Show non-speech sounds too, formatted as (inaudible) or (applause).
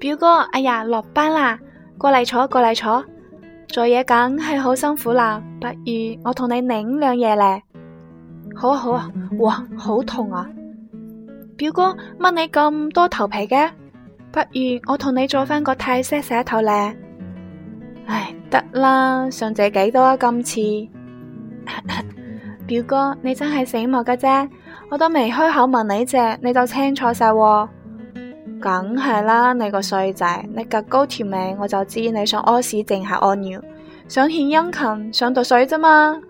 表哥，哎呀，落班啦，過嚟坐，過嚟坐，做嘢梗係好辛苦啦，不如我同你擰兩嘢咧。好啊，好啊，哇，好痛啊！表哥，乜你咁多頭皮嘅？不如我同你做翻個泰式洗頭咧。唉，得啦，想借幾多啊，今次？ (laughs) 表哥，你真係醒目嘅啫，我都未開口問你借，你就清楚晒喎。梗係啦，你個衰仔，你揭高條尾，我就知你想屙屎定係屙尿，想獻殷勤，想踱水啫嘛。